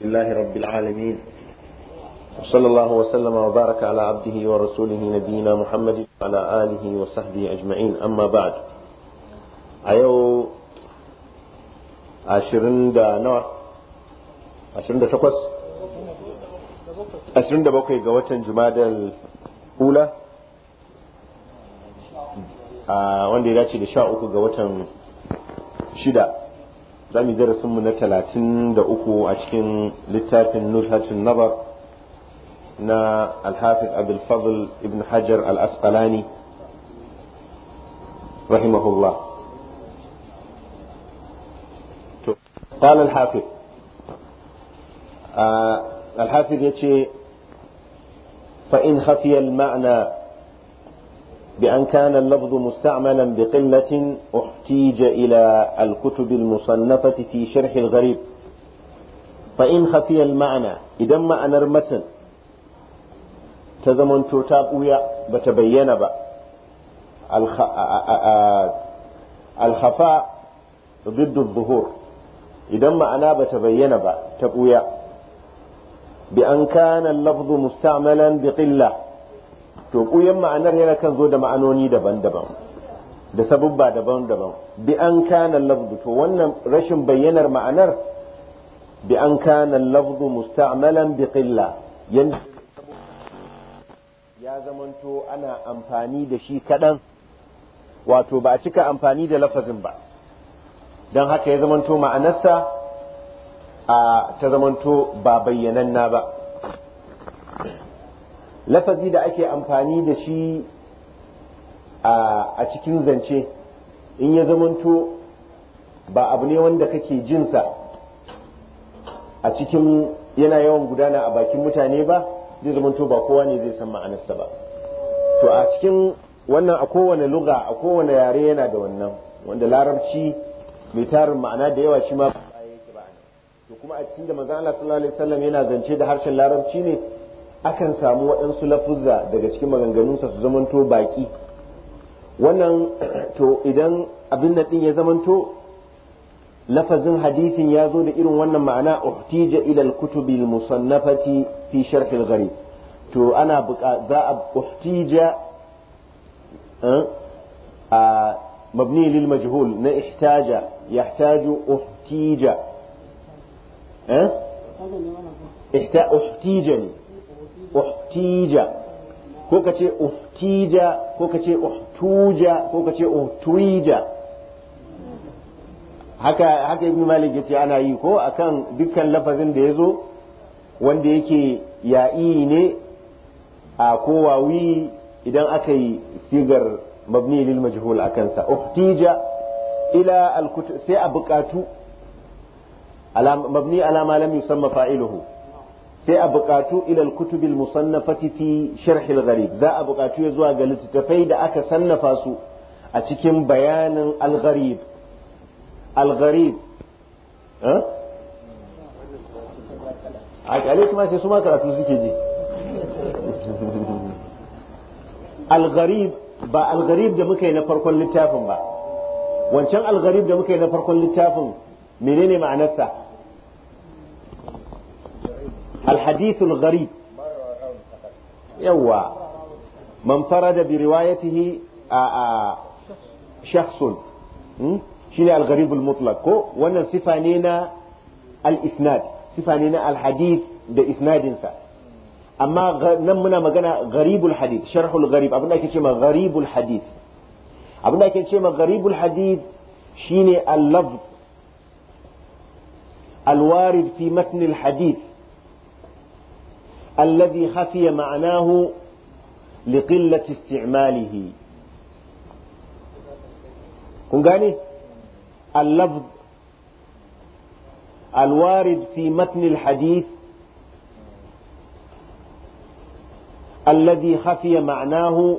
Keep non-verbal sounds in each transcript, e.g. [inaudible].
لله رب العالمين وصلى الله وسلم وبارك على عبده ورسوله نبينا محمد وعلى آله وصحبه أجمعين أما بعد أيو عشرين دا نوع عشرين دا تقوس عشرين دا بوكي قوة جماد الأولى wanda ya dace da sha uku ga watan shida za mu darasin mu na talatin da uku a cikin littafin nuzhatun nabar na alhafiz abul fadl ibn hajar al-asqalani rahimahullah to qala al-hafiz ya ce yace fa in khafiya al-ma'na بأن كان اللفظ مستعملا بقلة احتيج إلى الكتب المصنفة في شرح الغريب فإن خفي المعنى إذا ما أنا المتن تزمن توتاب ويا بتبين با الخ... الخفاء ضد الظهور إذا ما أنا بتبين با تبويا بأن كان اللفظ مستعملا بقلة to ɓuyan ma'anar yana kan zo da ma'anoni daban-daban da sabubba daban-daban bi an kana lafzu to wannan rashin bayyanar ma'anar bi an kana lafzu musta'malan bi qilla ya zamanto ana amfani da shi kaɗan wato ba a cika amfani da lafazin ba don haka ya zamanto ma'anarsa a ta zamanto ba bayyananna ba lafazi da ake amfani da shi a cikin zance in ya zamanto ba abu ne wanda kake jinsa a cikin yana yawan gudana a bakin mutane ba zai zamanto ba kowa ne zai san ma'anarsa ba to a cikin wannan a kowane luga a kowane yare yana da wannan wanda larabci mai tarin ma'ana da yawa shi ma ba yake ba to kuma a cikin da manzo Allah sallallahu alaihi wasallam yana zance da harshen larabci ne akan samu waɗansu lafuzza daga cikin maganganunsa su zamanto baki wannan [clears throat] to idan abin nan ɗin ya zamanto lafazin hadisin ya zo da irin wannan ma'ana uhtija ila al-kutubi al-musannafati fi sharh al-gharib to ana za a uhtija eh, a mabni lil majhul na ihtaja yahtaju uhtija eh uhtija ko ka ce uhtija ko ka ce uhtuja ko ka ce uhtuija haka haka ibn malik yace ana yi ko akan dukkan lafazin da yazo wanda yake ya'i ne a ko wawi idan aka yi sigar mabni lil majhul akan sa uhtija ila al sai a buƙatu mabni ala ma lam yusamma fa'iluhu sai a buƙatu ilal kutubil musannafati fi sharhil gharib za a buƙatu ya zuwa ga littattafai da aka sannafa su a cikin bayanin al-gharib al-gharib eh? a kyale kuma sai su ma karatu suke ji al-gharib ba al-gharib da muka yi na farkon littafin ba wancan al-gharib da muka yi na farkon littafin menene ma'anarsa الحديث الغريب يوى من فرد بروايته شخص شيء الغريب المطلق وانا صفانينا الاسناد صفانينا الحديث باسناد انسى اما نمنا مغنى غريب الحديث شرح الغريب ابن اكي شيء غريب الحديث ابن اكي شيء غريب الحديث شيء اللفظ الوارد في متن الحديث الذي خفي معناه لقلة استعماله كن قاني اللفظ الوارد في متن الحديث الذي خفي معناه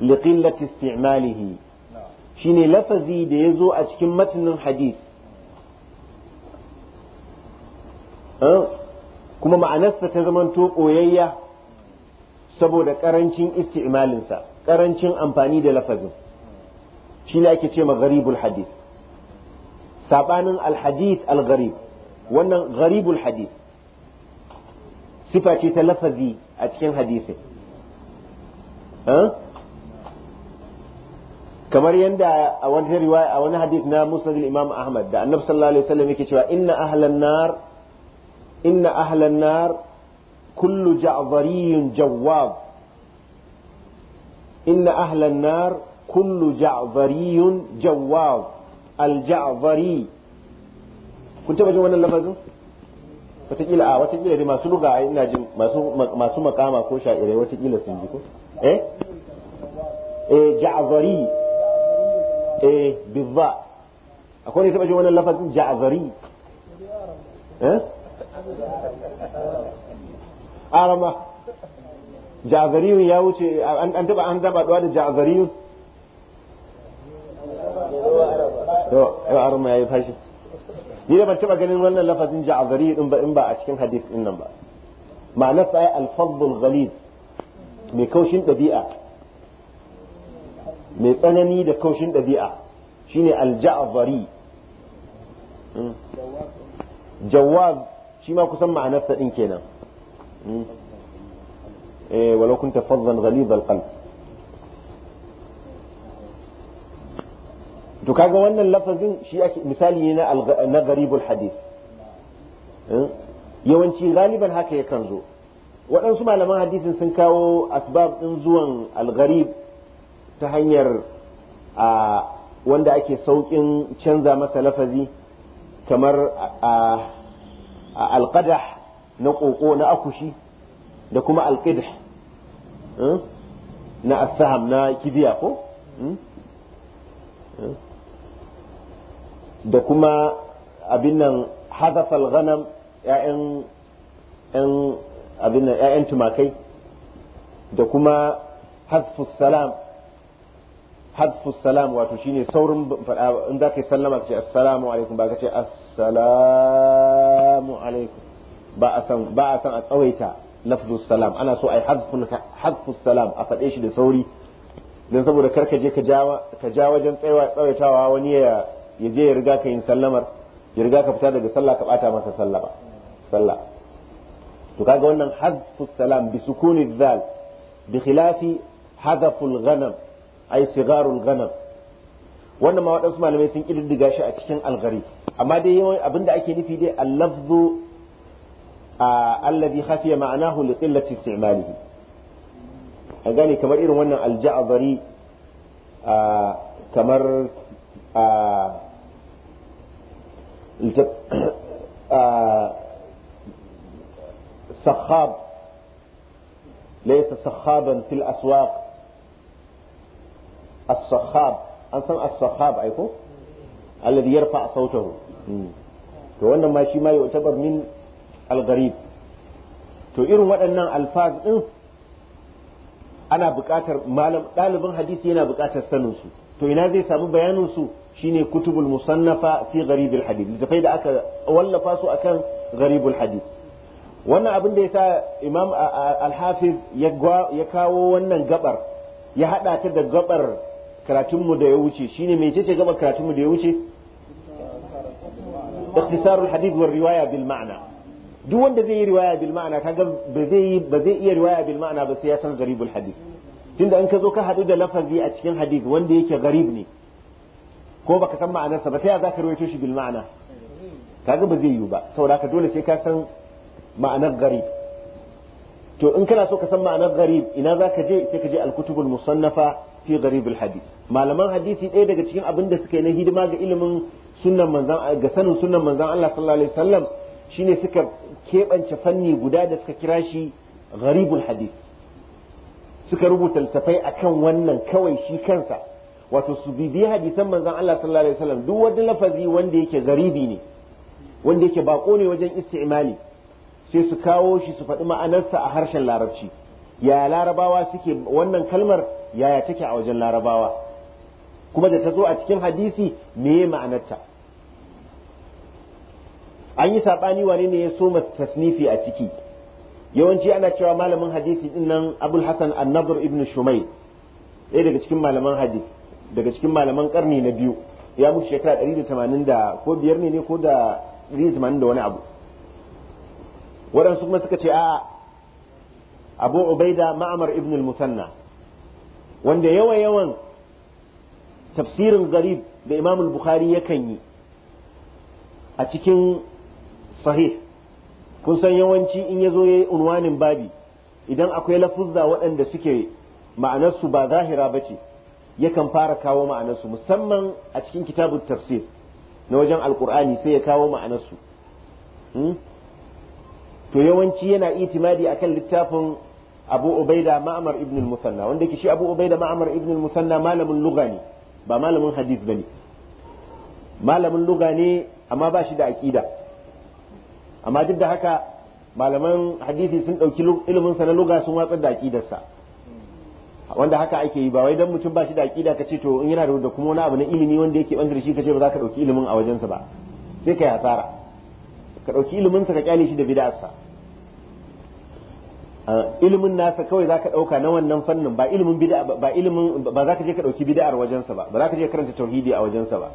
لقلة استعماله شيني لفظي ديزو أتكم متن الحديث أه؟ kuma ma'anarsa ta zamanto ɓoyayya saboda ƙarancin isti'malinsa ƙarancin amfani da lafazin shi ne ake ce ma gharibul hadith saɓanin alhadith algharib wannan gharibul hadith sifa ce ta lafazi a cikin hadisin kamar yadda a wani riwaya a wani hadith na musa imam ahmad da annabi sallallahu alaihi wasallam yake cewa inna ahlan nar inna ahlan nar kullu ja'dhariyun inna ahlan nar kullu ja'dhariyun jawwab kun taba jin wannan lafazin wataƙila a wataƙila dai masu luga ina jin masu makama ko sha'irai wataƙila sun ko eh eh ja'zari eh bizza akwai ne taba jin wannan arama ja'zariyun ya wuce an taba an zaba duwa da ja'zariyun to arama yayi fashi ni da ban taba ganin wannan lafazin ja'zari din ba in ba a cikin hadith din nan ba ma'anar sa al-fadl ghalid mai kaushin dabi'a mai tsanani da kaushin dabi'a shine al-ja'zari hmm. jawab shi ma kusan ma'anarsa din kenan hmm. eh walau kunta faddan ghalid alqalb to kaga wannan lafazin shi ake misali ne na gharibul hadith hmm. yawanci galiban haka yakan zo waɗansu malaman hadisin sun kawo asbab ɗin zuwan algarib ta hanyar a wanda ake sauƙin canza masa lafazi kamar a alqadah na koko na akushi da kuma alqidah eh, na asaham na kibiya ko hmm, eh, da kuma abin nan hazafal ghanam ya'yan abin nan ya'yan tumakai da kuma hazfus salam hadfu salam wato shine saurin faɗa in za ka yi sallama ka ce assalamu alaikum ba ka ce assalamu assalamu alaikum ba a san ba a san a tsawaita lafzus salam ana so ai hazfun hazfus salam a faɗe shi da sauri dan saboda karka je ka jawa ka ja wajen tsayawa tsawaitawa wani ya ya je ya riga ka yin sallamar ya riga ka fita daga sallah ka bata masa sallah ba sallah to kaga wannan hazfus salam bi sukuni dhal bi khilafi hadaful ghanam ay sigarul ghanam wannan ma waɗansu malamai sun ƙididdiga shi a cikin algari amma dai yawan abin da ake nufi dai allafzu alladhi khafiya ma'anahu li qillati istimalihi a gane kamar irin wannan alja'bari kamar سخاب ليس سخابا في الأسواق السخاب an san as-sahab ai ko alladhi yarfa sautahu hmm. to wannan ma shi ma ya tabar min al-gharib to irin waɗannan alfaz din ana buƙatar malam ɗalibin hadisi yana buƙatar sanin su to ina zai samu bayanin su shine kutubul musannafa fi gharibul hadith littafai da aka wallafa su akan gharibul hadith wannan abin da yasa imam al-hafiz ya kawo wannan gabar ya hada ta da gabar karatunmu da ya wuce shine mecece gaba karatunmu da ya wuce ikhtisarul hadith war riwaya bil ma'ana duk wanda zai yi riwaya bil ma'ana ba zai iya riwaya bil ma'ana ba sai ya san garibul hadith tunda in ka zo ka haɗu da lafazi a cikin hadith wanda yake garib ne ko baka san ma'anarsa ba sai za ka rawaito shi bil ma'ana kaga ba zai yiwu ba saboda haka dole sai ka san ma'anar to in kana so ka san ma'anar garib ina za ka je sai ka je al-kutubul musannafa fi malaman hadisi ɗaya daga cikin abin da suka yi na hidima ga ilimin manzan ga sanin sunan manzan Allah sallallahu alaihi wasallam shine suka keɓance fanni guda da suka kira shi gharibul hadith suka rubuta littafai akan wannan kawai shi kansa wato su bibi hadisan manzan Allah sallallahu alaihi wasallam duk wani lafazi wanda yake garibi ne wanda yake bako ne wajen istimali sai su kawo shi su faɗi ma'anarsa a harshen larabci ya larabawa suke wannan kalmar yaya take a wajen larabawa kuma da ta zo a cikin hadisi me ma'anarta an yi saɓani wani ne ya so tasnifi a ciki yawanci ana cewa malamin hadisi din nan abul hasan annabur ibn shumai ɗaya daga cikin malaman hadisi daga cikin malaman karni na biyu ya mutu shekara 180 da ko biyar ne ne ko da 180 da wani abu waɗansu kuma suka ce a. abu ubaida ma'amar ibn al-musanna wanda yawa yawan tafsirin garib da imam al-bukhari yakan yi a cikin sahih kun san yawanci in ya zo ya yi unwanin babi idan akwai lafuzza waɗanda suke ma'anarsu ba zahira ba ce yakan fara kawo ma'anarsu musamman a cikin kitabun tafsir na wajen alkur'ani sai ya kawo ma'anarsu hmm? to yawanci yana itimadi akan littafin abu ubaida ma'amar ibn al-musanna wanda ke shi abu ubaida ma'amar ibn al-musanna malamin lugha ne ba malamin hadith bane malamin lugha ne amma ba shi da aqida amma duk da haka malaman hadisi sun dauki ilimin sa na lugha sun watsar da sa wanda haka ake yi ba wai dan mutum ba shi da aqida kace to in yana da kuma wani abu na ilimi wanda yake bangare shi kace ba za ka dauki ilimin a wajensa ba sai kai hasara ka dauki ilimin sa ka kyale shi da bid'arsa ilimin nasa kawai zaka ɗauka na wannan fannin ba ilimin ba ilimin ba je ka ɗauki bida'ar wajensa ba ba ka je karanta tauhidi a wajensa ba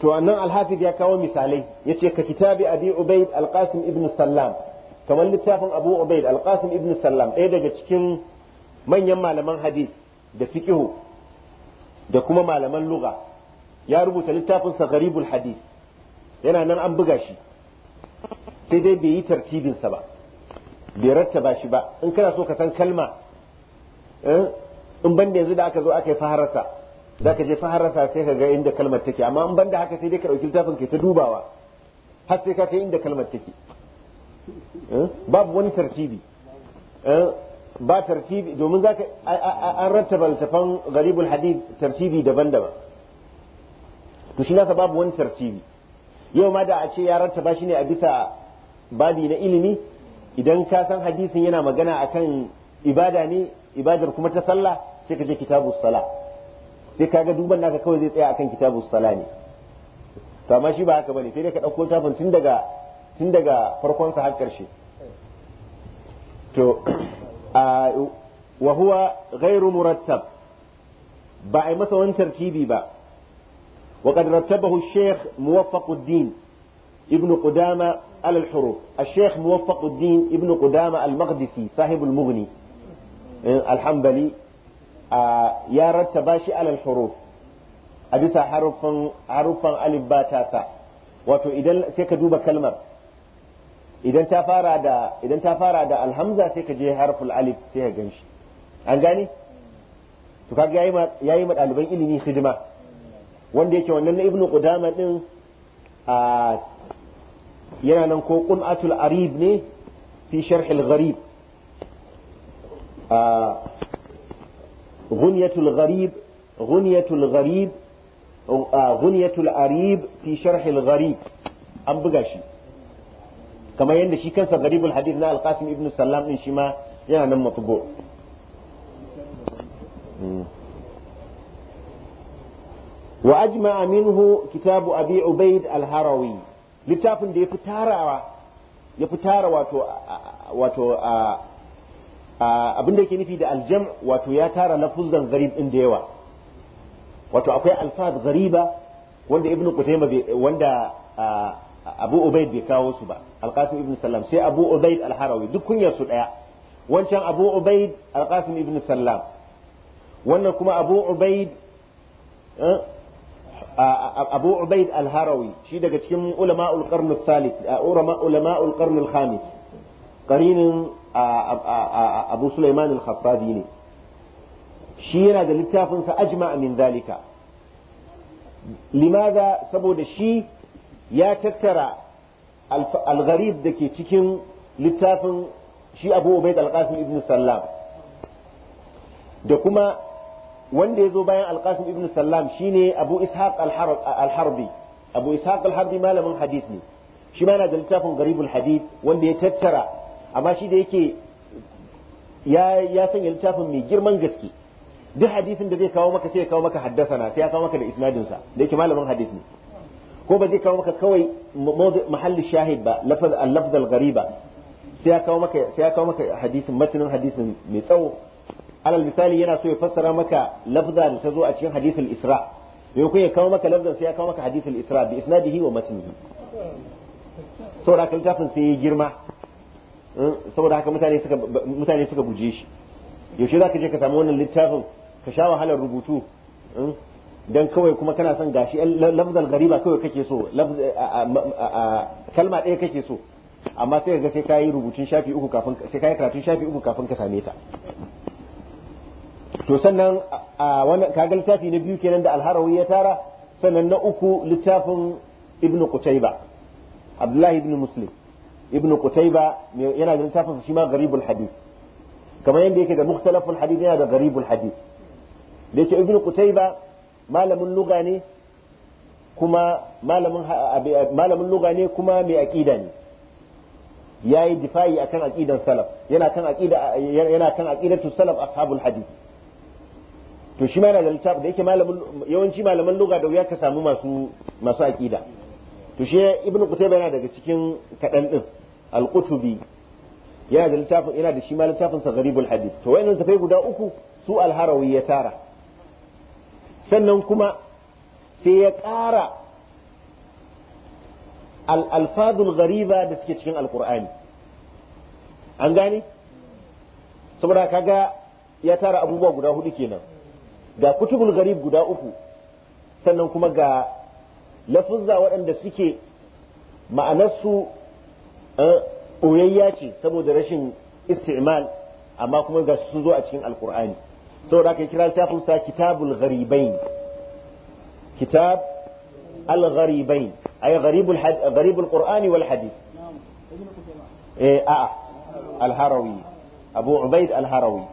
to annan alhafiz ya kawo misalai ya ce ka kitabi abi ubaid alqasim ibn sallam kamar littafin abu ubaid alqasim ibn sallam ɗaya daga cikin manyan malaman hadith da fiqihu da kuma malaman lugha ya rubuta littafin sa gharibul hadith yana nan an buga shi sai dai bai yi tartibinsa ba bai rattaba shi ba in kana so ka san kalma eh, in banda yanzu da aka zo aka yi faharasa za ka je faharasa sai ka ga inda kalmar take amma in banda haka sai dai ka ɗauki littafin ka ta dubawa har sai ka kai inda kalmar take eh, babu wani tartibi eh, ba tartibi domin za ka an rattaba littafan garibul hadith tartibi daban-daban to shi nasa babu wani tartibi yau ma da a ce ya rattaba shi ne a bisa babi na ilimi idan ka san hadisin yana magana akan ibada ne ibadar kuma ta sallah sai ka je kitabus sala sai ka ga duban naka kawai zai tsaya akan kitabus sala ne to amma shi ba haka bane sai dai ka dauko tafin tun daga tun daga farkon sa har karshe to a wa huwa ghairu murattab ba ai masa wani tartibi ba wa qad rattabahu shaykh muwaffaquddin ibnu qudama على الحروف الشيخ موفق الدين ابن قدامة المقدسي صاحب المغني الحنبلي يا رتب شيء على الحروف أبسا حرفا حرفا ألف با تاسا وتو كلمة idan ta fara da idan ta fara da alhamza sai ka harful alif sai ka ganshi an gane to ma ɗaliban ilimi hidima wanda yake wannan na ibnu qudama din a ah, yana nan ko qun'atul arib ne fi sharh غنية الغريب غنية الغريب آه، غنية الأريب في شرح الغريب أم بغاشي كما يند شي كان غريب الحديث نا القاسم ابن السلام من شما يعني مطبوع وأجمع منه كتاب أبي عبيد الهروي littafin da ya fi tarawa ya fi tara wato wato abin da yake nufi da aljam wato ya tara lafuzan gharib din da yawa wato akwai alfaz ghariba wanda ibn qutayma wanda abu ubaid bai kawo su ba alqasim ibn sallam sai abu ubaid al-harawi duk kunyar su daya wancan abu ubaid alqasim ibn sallam wannan kuma abu ubaid eh, abu ubaid al shi daga cikin ulama'ul qarn al-thalith ulama'ul qarn al abu sulaiman al ne shi yana da littafin sa ajma min zalika limaza saboda shi ya tattara Algarib da ke cikin littafin shi abu ubaid al ibn sallam da kuma wanda ya zo bayan alqasim ibn sallam shine abu ishaq al-harbi abu ishaq al-harbi malamin hadith ne shi ma yana da littafin garibul hadith wanda ya tattara amma shi da yake ya ya sanya littafin mai girman gaske duk hadisin da zai kawo maka sai ya kawo maka haddasana sai ya kawo maka da isnadin sa da yake malamin hadith ne ko ba zai kawo maka kawai mahalli shahid ba lafaz al-lafz al-ghariba sai ya kawo maka sai ya kawo maka hadisin matanin hadisin mai tsawo alal misali yana so ya fassara maka lafza da ta zo a cikin hadithul isra yau ya kawo maka lafzan sai ya kawo maka hadithul isra bi isnadihi wa matnihi saboda haka littafin sai ya girma hmm? saboda haka mutane suka mutane suka guje shi yaushe zaka je ka samu wannan littafin ka sha wahalar rubutu hmm? dan kawai kuma kana son gashi lafzal gariba kawai kake so kalma ɗaya kake so amma sai ka ga sai kayi rubutun shafi uku kafin sai kayi karatun shafi uku kafin ka same ta to sannan a wannan kaga littafi na biyu kenan da alharawi ya tara sannan na uku littafin ibnu qutayba abdullahi ibnu muslim ibnu qutayba yana da littafin shi ma garibul hadith kamar yadda yake da mukhtalaful hadith yana da garibul hadith da yake ibnu qutayba malamin lugha ne kuma malamin malamin lugha ne kuma mai aqida ne yayi difa'i akan aqidan salaf yana kan aqida yana kan aqidatu salaf ashabul hadith to shi yana da littafi da yake malamin yawanci malaman lugha da wuya ka samu masu masu aqida to shi ibnu qutayba yana daga cikin kadan din al-qutubi yana da littafin yana da shi littafin sa gharibul hadith to wayannan tafai guda uku su al-harawi ya tara sannan kuma sai ya ƙara al-alfazul ghariba da suke cikin al-qur'ani an gane saboda kaga ya tara abubuwa guda hudu kenan ga kutubul garib guda uku sannan kuma ga lafuzza waɗanda suke ma'anarsu eh, ɓoyayya ce saboda rashin isti'mal amma kuma ga sun zo a cikin alkur'ani saboda aka kira littafin sa kitabul gharibain kitab al gharibain ay gharibul gharibul qur'ani wal hadith eh a al harawi abu ubaid al harawi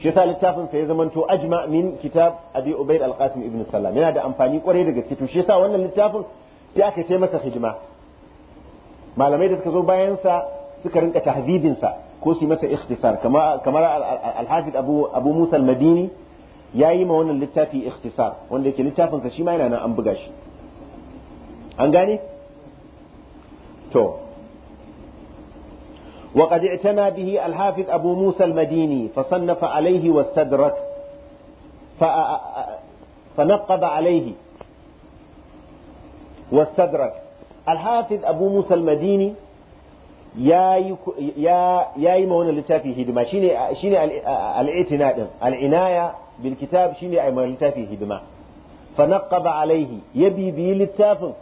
shi yasa littafin sa ya zamanto ajma min kitab abi ubayd al-qasim ibn sallam yana da amfani kwarai da gaske to shi yasa wannan littafin sai aka masa hidima malamai da suka zo bayan sa suka rinka tahzibin sa ko su masa ikhtisar kamar kamar al abu abu musa al-madini yayi ma wannan littafi ikhtisar wanda yake littafin sa shi ma yana nan an buga shi an gane to وقد اعتنى به الحافظ أبو موسى المديني فصنف عليه واستدرك فنقب عليه واستدرك الحافظ أبو موسى المديني يا يا يا وانا لتافي هدما شيني, شيني الاعتناء العناية بالكتاب شيني ايما لتافي هدما فنقب عليه يبي بي لتافي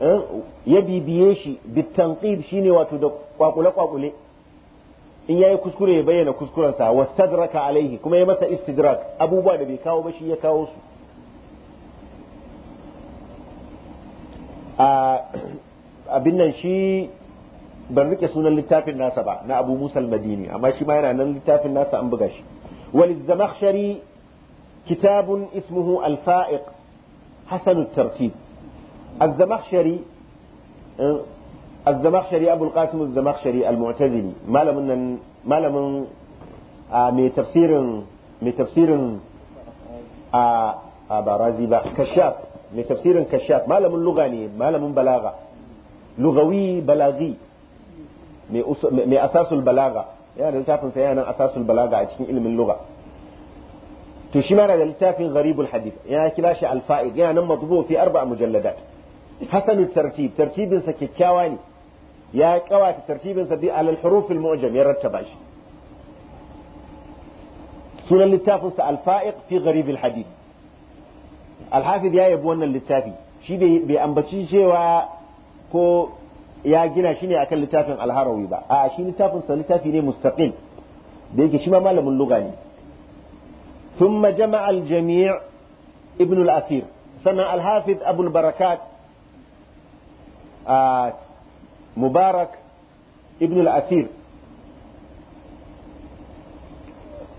Eh, ya bibiye shi bitanqib shine wato da kwakule kwakule in yayi kuskure ya bayyana kuskurensa wastadraka alaihi kuma ya masa istidrak abubuwa da bai kawo ba shi ya kawo su abin nan shi ban rike sunan littafin nasa ba na Abu Musa madini amma shi ma yana nan littafin nasa an buga shi وللزمخشري كتاب ismuhu الفائق حسن tartib الزمخشري أه؟ الزمخشري ابو القاسم الزمخشري المعتزلي ما لمن ما لمن آه، مي تفسير مي تفسير آه، ا ابرازي با كشاف مي تفسير كشاف ما لمن لغاني ما لمن بلاغه لغوي بلاغي مي اساس البلاغه يعني شاف سي انا اساس البلاغه في علم اللغه تو شي ما غريب الحديث يعني كلاش الفائق يعني مضبوط في اربع مجلدات hasanu tartib tartibinsa kyakkyawa ne ya kawata tartibinsa bi alal hurufil mu'jam ya rattaba sunan littafinsa al-fa'iq fi gharib al al-hafiz ya yabi wannan littafi shi bai ambaci cewa ko ya gina shi ne akan littafin al-harawi ba a shi littafin sa littafi ne mustaqil da yake shi ma malamin lugha ne thumma jama'a al-jami' ibn al-athir sannan al-hafiz abu barakat آه، مبارك ابن الأثير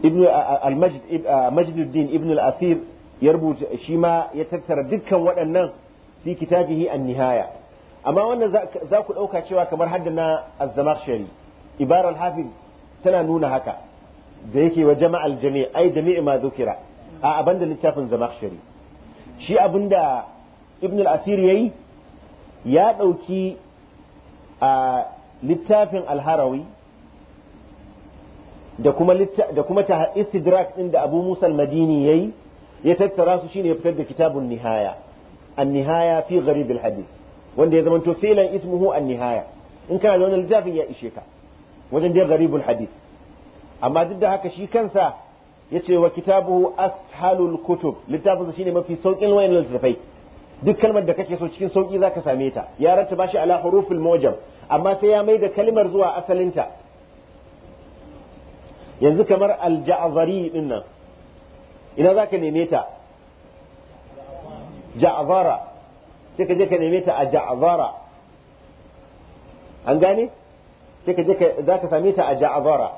ابن آه، آه، المجد مجد الدين ابن الأثير يربو شيما يتكثر دكا وأنه في كتابه النهاية أما وأن ذاك الأوكا شوى كما حدنا الزمخشري عبارة الحافظ تنا نون هكا ذيك وجمع الجميع أي جميع ما ذكر أبند للتافن زمخشري شي أبند ابن الأثير يي ya ɗauki a littafin alharawi da kuma da ɗin ta istidrak da Abu Musa madini ya yayi ya tattara su shine ya fitar da kitabun nihaya an-nihaya fi gharib hadith wanda ya zamanto filan ismuhu an-nihaya in kana da wannan littafin ya ishe ka wajen dai gharibul hadith amma duk da haka shi kansa ce wa kitabu ashalul kutub littafin shine mafi saukin wayan littafai duk kalmar da kake so cikin sauki zaka same ta ya rattaba shi ala hurufil mujam amma sai ya maida da kalmar zuwa asalinta yanzu kamar al-ja'zari din nan ina zaka neme ta ja'zara sai ka je ka neme ta a ja'zara an gane sai ka je ka zaka same ta a ja'zara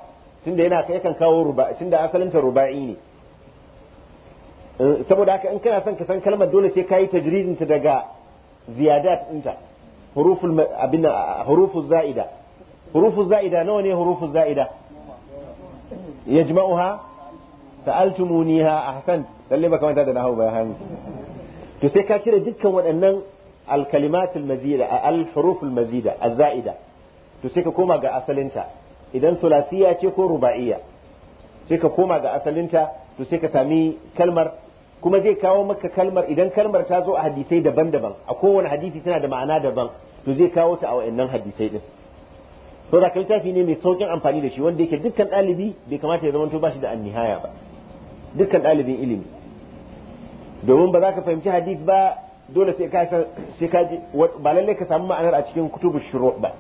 tunda yana yakan kawo ruba tunda asalinta ruba'i ne saboda haka in kana son ka san kalmar dole sai kayi tajridin ta daga ziyadat ɗinta huruful abin hurufuz za'ida hurufuz za'ida nawa ne hurufuz za'ida yajma'uha sa'altumuniha ahsan lalle ba kamar da nahawu bayani to sai ka cire dukkan waɗannan al-kalimat al-mazida al-huruf al-mazida az-za'ida to sai ka koma ga asalinta idan sulasiya ce ko ruba'iyya sai ka koma ga asalinta to sai ka sami kalmar kuma zai kawo maka kalmar idan kalmar ta zo a hadisai daban-daban a kowane hadisi tana da ma'ana daban to zai kawo ta a wa'annan hadisai din to da kai tafi ne mai saukin amfani da shi wanda yake dukkan ɗalibi bai kamata ya zamanto bashi da annihaya ba dukkan ɗalibin ilimi domin ba za ka fahimci hadis ba dole sai ka sai ka ji ba lalle ka samu ma'anar a cikin kutubu shuru ba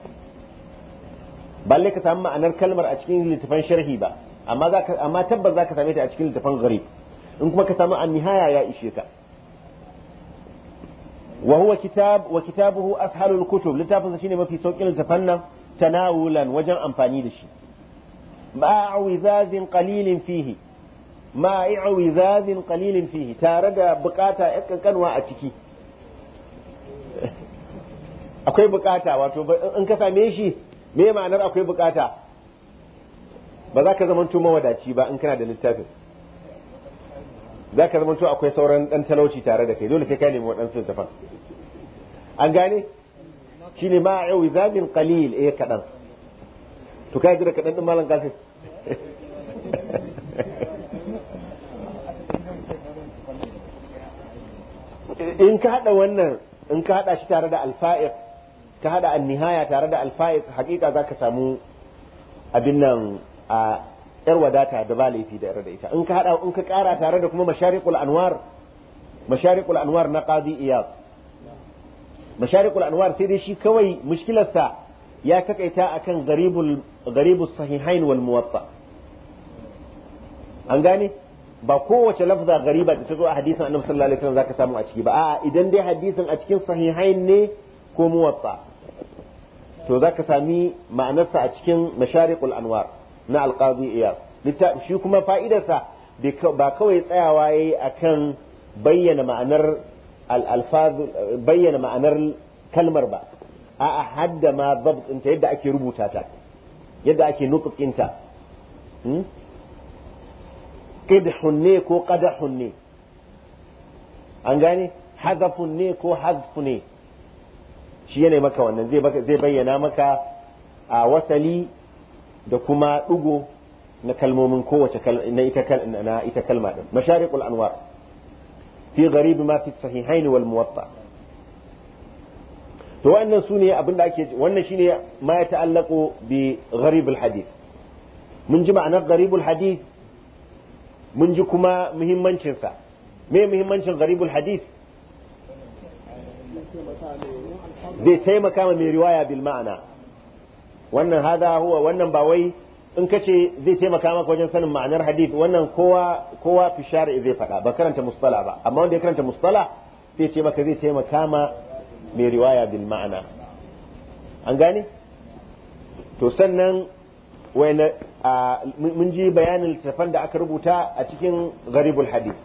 ba lalle ka samu ma'anar kalmar a cikin littafan sharhi ba amma za ka amma tabbas za ka same ta a cikin littafan gharib in kuma ka samu annihaya ya ishe ka wa huwa kitab wa kitabuhu ashalul kutub littafinsa shine mafi saukin littafan nan tanawulan wajen amfani da shi ma'a wizazin qalilin fihi ma'a wizazin qalilin fihi tare da bukata yan kankanwa a ciki [laughs] akwai bukata wato in ka same shi me ma'anar akwai bukata ba za ka zama mawadaci ba in kana da littafin za ka zama akwai sauran dan talauci tare da kai dole sai ka nemi waɗansu littafan an gane shi ne ma yau zamin kalil eh kaɗan to ka ji da kaɗan ɗin malam kafin [laughs] in ka haɗa wannan in ka haɗa shi tare da alfa'ir ka haɗa nihaya tare da alfa'ir hakika za ka samu abin nan a yar wadata da ba laifi da yar da ita in ka hada in ka kara tare da kuma mashariqul anwar mashariqul anwar na qadi iyad mashariqul anwar sai dai shi kawai mushkilarsa ya takaita akan garibul garibus sahihain wal muwatta an gane ba kowace lafza gariba da ta zo a hadisin annabi sallallahu alaihi wasallam zaka samu a ciki ba a'a idan dai hadisin a cikin sahihain ne ko muwatta to zaka sami ma'anarsa a cikin mashariqul anwar na alqadi iyad shi kuma fa'idarsa ba kawai tsayawa yayi akan bayyana ma'anar bayyana ma'anar kalmar ba a'a hadda ma dabt yadda ake rubuta ta yadda ake nutqin ta hmm? qidhun ne ko qadahun ne an gane hazafun ne ko hazfu ne shi yana maka wannan zai bayyana maka a wasali da kuma ɗigo na kalmomin kowace na ita kalma ɗin mashariqul anwar fi gharib ma fi sahihain wal muwatta to wannan sune abin da ake wannan shine ma ya ta'allaqu bi gharib al hadith mun ji ma'anar gharib al hadith mun ji kuma muhimmancin sa me muhimmancin gharib al hadith zai taimaka ma mai riwaya bil ma'ana wannan hada huwa wannan ba wai in ka ce zai taimaka maka wajen sanin ma'anar hadith wannan kowa kowa fi zai faɗa ba karanta mustala ba amma wanda ya karanta mustala sai ce maka zai taimaka ma mai riwaya bil ma'ana an gane to sannan wayna mun ji bayanin littafan da aka rubuta a cikin gharibul hadith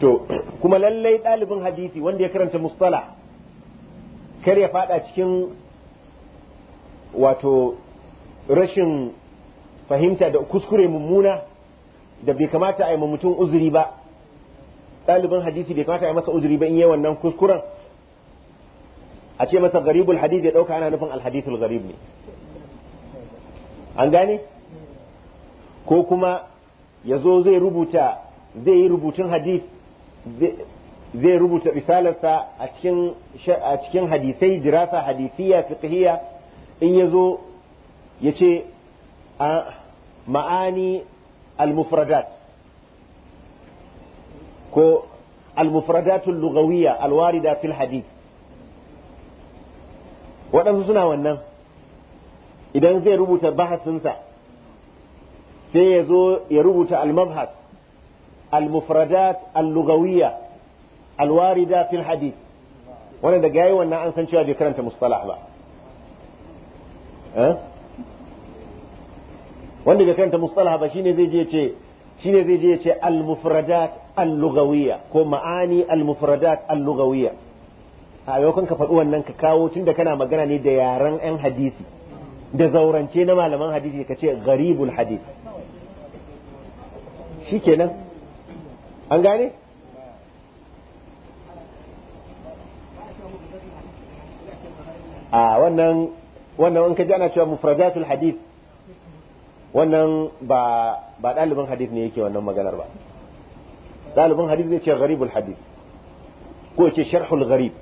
to kuma lallai ɗalibin hadisi wanda ya karanta mustala kar ya faɗa cikin wato rashin fahimta da kuskure mummuna da bai kamata a yi mutum uzuri ba ɗalibin hadisi bai kamata a yi masa uzuri ba in yi wannan kuskuren a ce masa garibul hadisi ya ɗauka ana nufin alhadisul garib ne an gane ko kuma ya zo zai rubuta zai yi rubutun hadis zai rubuta risalarsa a cikin hadisai dirasa hadisiya fiqhiyya in ya zo ya ce ma'ani al-mufradat ko al-mufradatul lugawiya al-warida fil hadith waɗansu suna wannan idan zai rubuta bahasinsa sai ya zo ya rubuta al-mabhas al-mufradat al lugawiya al-warida fil hadith wannan daga yayi wannan an san cewa bai karanta mustalah ba Eh? wanda ya karanta mustalaha ba shine zai je ce shine zai je ce al mufradat al lughawiyya ko ma'ani al mufradat al lughawiyya a ka faɗi wannan ka kawo tunda kana magana ne da yaran yan hadisi da zaurance na malaman hadisi ka ce gharibul hadisi shikenan an gane a wannan wannan in ka ji ana cewa mufradatul hadith wannan ba ba dalibin hadith ne yake wannan maganar ba dalibin hadith zai ce gharibul hadith ko ce sharhul gharib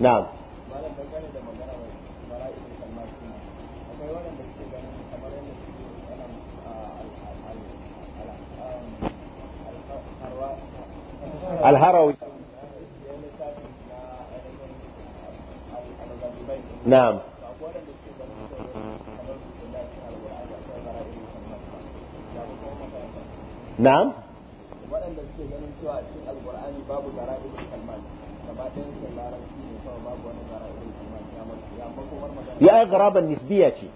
na'am الهروي na'am ya nisbiya ce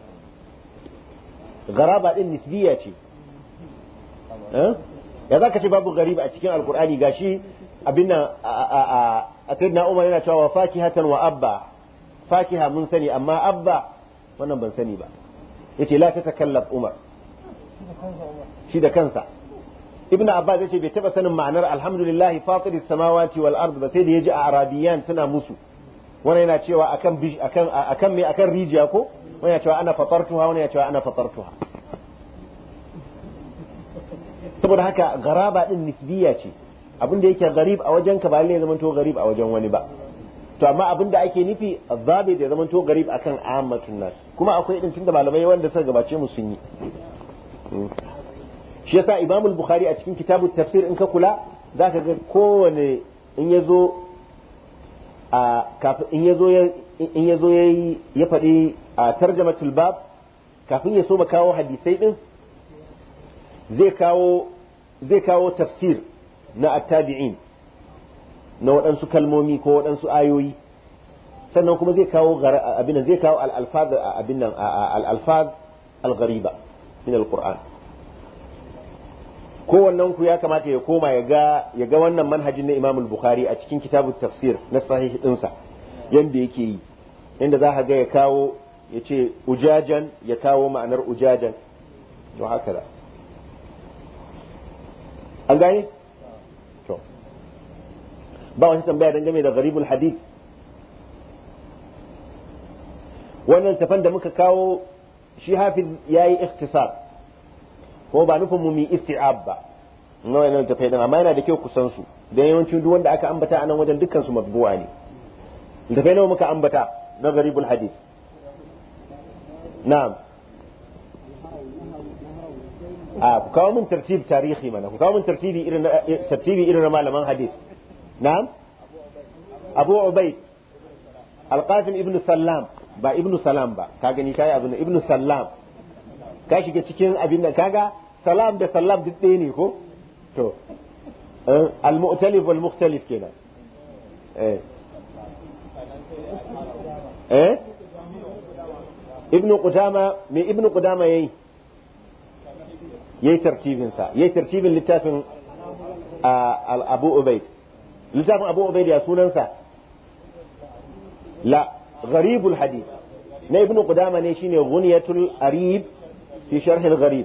garaba ɗin nisbiya ce ya za ce babu gariba a cikin alkur'ani gashi abin nan a sayyidina umar yana cewa wa fakihatan fakiha mun sani amma abba wannan ban sani ba yace la ta takallaf umar shi da kansa ibn abbas yace bai taba sanin ma'anar alhamdulillah fatir samawati wal ard ba sai da yaji a arabiyan suna musu wannan yana cewa akan akan akan me akan rijiya ko wannan yana cewa ana fatartuha wannan yana cewa ana fatartuha saboda haka garaba din nisbiya ce abin da yake garib a wajen ka ba lalle zama to garib a wajen wani ba to amma abin da ake nufi zabe da zaman to garib akan ahmatun nas kuma akwai irin tunda malamai wanda suka gabace mu sun yi hmm. shi yasa Imam al-Bukhari a cikin kitabut tafsir in ka kula zaka ga kowane in yazo a kafin in yazo ya in yazo yayi ya faɗi a tarjamatul bab kafin ya so ma kawo hadisai din zai kawo zai kawo tafsir na at-tabi'in na waɗansu kalmomi ko waɗansu ayoyi sannan kuma zai kawo abin zai kawo al-alfaz abin nan al-alfaz al-ghariba min al-qur'an wannan ku ya kamata ya koma ya ga ya ga wannan manhajin na Imam al-Bukhari a cikin kitabut tafsir na sahih dinsa yanda yake yi inda za ka ga ya kawo ya ce ujajan ya kawo ma'anar ujajan to haka da an gane ba wani tambaya dangane da gharibul hadith wannan tafan da muka kawo shi hafi ya yi ikhtisar ko ba nufin mu mi isti'ab ba na wannan tafai din amma yana da kyau kusan su dan yawancin duk wanda aka ambata a nan wajen dukkan su matbu'a ne tafai nawa muka ambata na gharibul hadith na'am a ah, ku kawo min tartib tarihi mana ku kawo min tartibi irin eh, tartibi irin malaman hadith na'am abu ubaid alqasim sallam ba ibn salam ba ka gani kai abin ibn sallam ka shiga cikin abin da kaga salam da sallam duk ɗaya ne ko to eh, al-mu'talif eh. Eh? me ibn qudama yayi yayi tartibin sa littafin ah, abu littafin abu ubaida sunansa la gharibul hadith na ibn qudama ne shine ghuniyatul arib fi sharh al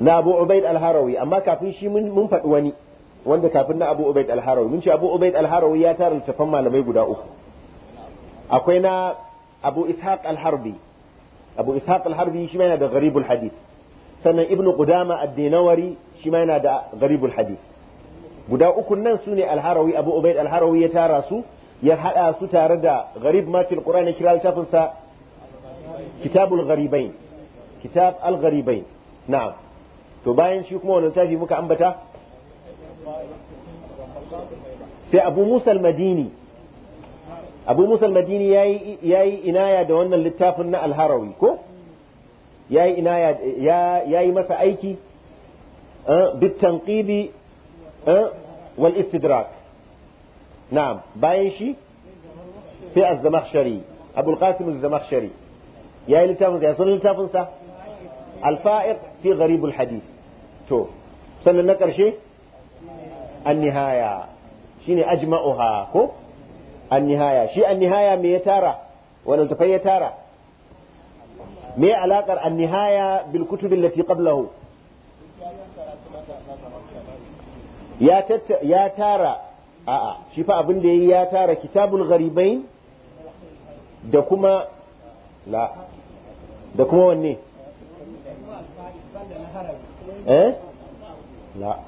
na abu ubaid al harawi amma kafin shi mun faɗi wani wanda kafin na abu ubaid al harawi mun ce abu ubaid al harawi ya tara littafan malamai guda uku akwai na abu ishaq al harbi abu ishaq al harbi shi yana da gharibul hadith sannan ibnu qudama ad-dinawari shi ma yana da garibul hadith guda uku nan sune al-harawi abu ubaid al-harawi ya tara su ya hada su tare da garib ma fil qur'ani kira littafin sa kitabul gharibain kitab al-gharibain na'am to bayan shi kuma wannan tafi muka ambata sai abu musa al-madini abu musa al-madini yayi yayi inaya da wannan littafin na al-harawi ko yayi ina ya yi masa aiki eh, bit tanqidi eh, wal istidrak na'am bayan shi sai az-zamakhshari abul qasim az-zamakhshari yayi littafin sa sunan littafin sa al-fa'iq fi gharib al-hadith to sannan na karshe an-nihaya shine ajma'uha ko an-nihaya shi an-nihaya me ya tara wani tafai ya tara me alaƙar an-nihaya bil kutub allati qablahu ya ya tara a'a shi fa abin da yayi ya tara kitabul gharibain da kuma la da kuma wanne eh la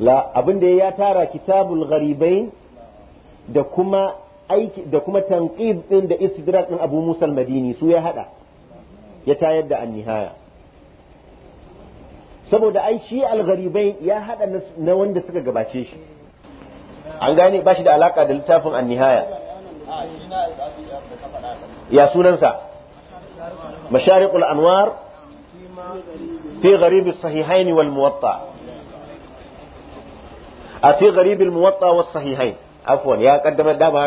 la abin da ya tara kitabul gharibain da kuma aiki da kuma tanqib din da istidrak din Abu Musa al-Madini su ya hada ya tayar da an saboda ai shi al-gharibai ya hada na wanda suka gabace shi an gane ba shi da alaka da littafin an ya sunansa masharikul anwar fi gharib as wal muwatta a fi gharib al-muwatta was-sahihain afwan ya kaddamar dama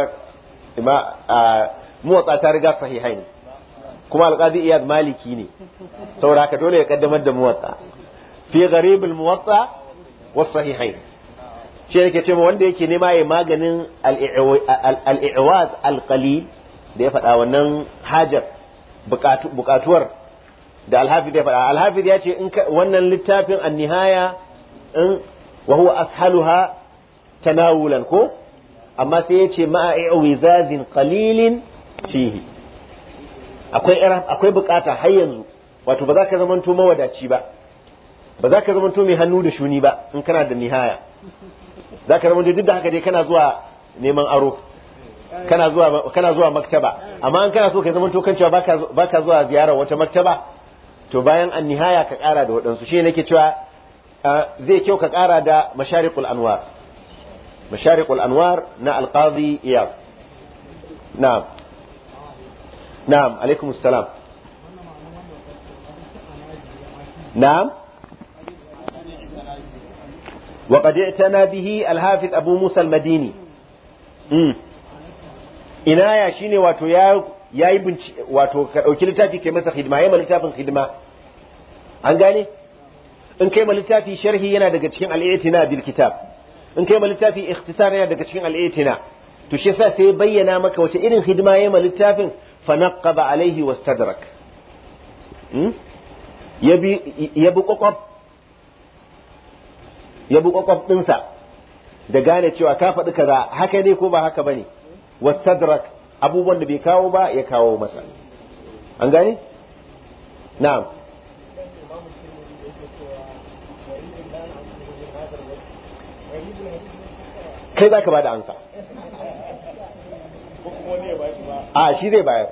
ima muwatsa ta riga sahihain kuma alqadi iyad maliki ne saboda haka dole ya kaddamar da muwatsa fi gharib al muwatsa was sahihain shi yake cewa wanda yake nema ya maganin al i'waz al qalil da ya faɗa wannan hajar bukatuwar da alhafid ya faɗa alhafid ya ce wannan littafin an nihaya in wa huwa ashaluha tanawulan ko amma sai ya ce ma’a’i’a wizazin kalilin fihi akwai akwai bukata har yanzu wato ba za ka zamanto mawadaci ba ba za ka zamanto mai hannu da shuni ba in kana da nihaya za ka zamanto duk da haka dai kana zuwa neman aro kana zuwa maktaba amma in kana so ka zamanto kan cewa baka ka zuwa ziyarar wata maktaba to bayan an nihaya ka kara da waɗansu shi nake cewa zai kyau ka kara da masharikul anwar مشارق الأنوار نع القاضي إياب نعم نعم عليكم السلام نعم وقد اعتنى به الهافظ أبو موسى المديني إنا يا شيني واتو يا يا ابن واتو كلتافي كمسا خدمة يا ملتاف خدمة عن ان كي ملتافي شرهي ينا دقتشين الاعتناء الكتاب in kai ma littafi ikhtisar yana daga cikin al'itina to shi yasa sai bayyana maka wace irin hidima ya ma littafin Fa fanaqaba alaihi wastadrak hmm? yabi yabi kwakwaf yabi dinsa da gane cewa ka faɗi kaza haka ne ko ba haka bane wastadrak abubuwan da bai kawo ba ya kawo masa an gane na'am kai za ka ba da ansa a shi zai bayar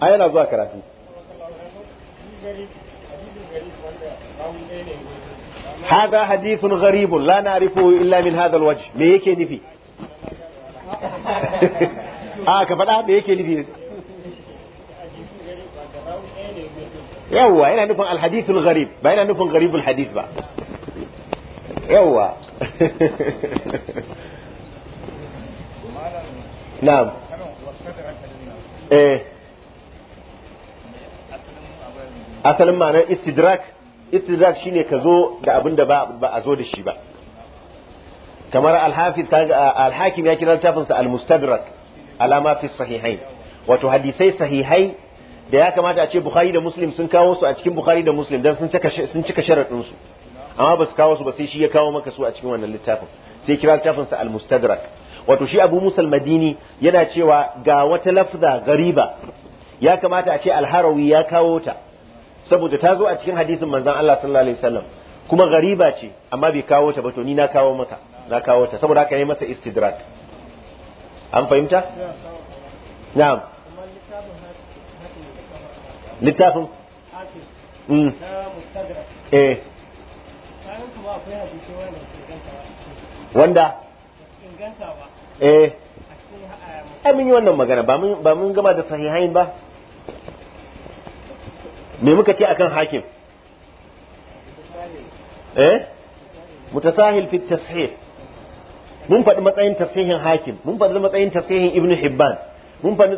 a yana zuwa karatu هذا حديث غريب لا نعرفه إلا من هذا الوجه me yake nufi [laughs] ka faɗa me yake nufi yawwa yana nufin alhadithul gharib ba yana nufin gharibul hadis ba yawwa na'am eh asalin ma'anar istidrak istidrak shine ka zo da abin da ba a zo da shi ba kamar alhafiz alhakim ya kira littafinsa almustadrak alama fi wato hadisai sahihai da ya kamata a ce bukhari da muslim sun kawo su a cikin bukhari da muslim dan sun cika sun su amma ba su kawo su ba sai shi ya kawo maka su a cikin wannan littafin sai kira littafin sa al-mustadrak wato shi Abu Musa al-Madini yana cewa ga wata lafza gariba ya kamata a ce al-Harawi ya kawo ta saboda ta zo a cikin hadisin manzon Allah sallallahu alaihi wasallam kuma gariba ce amma bai kawo ta ba to ni na kawo maka na kawo ta saboda haka yi masa istidrak an fahimta na'am littafin mm. eh wanda eh, eh mun yi wannan magana ba mun gama da sahihain ba me muka ce akan hakim eh mutasahil fi tashih mun faɗi matsayin tasihin hakim mun faɗi matsayin tasihin ibnu hibban mun faɗi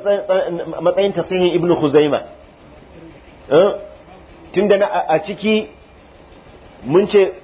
matsayin tasihin ibnu khuzaima eh? tunda a ciki mun ce